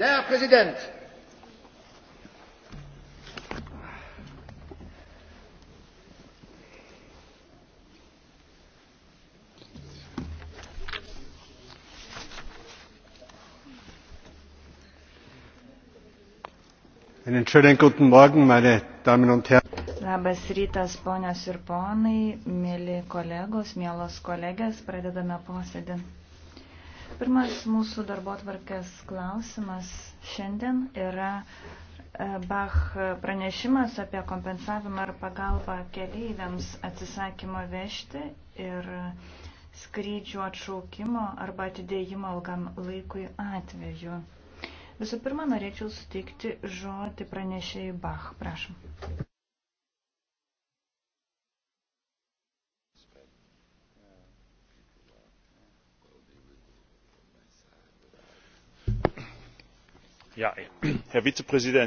Der Präsident! Einen schönen guten Morgen, meine Damen und Herren. Labas rytas, ponios ir ponai, mėly kolegos, mėlos kolegės, pradedame posėdį. Pirmas mūsų darbo tvarkės klausimas šiandien yra e, Bach pranešimas apie kompensavimą ar pagalbą keleiviams atsisakymo vežti ir skrydžių atšaukimo arba atidėjimo ilgam laikui atveju. Visų pirma, norėčiau suteikti žodį pranešėjai Bach. Prašom. herr vizepräsident!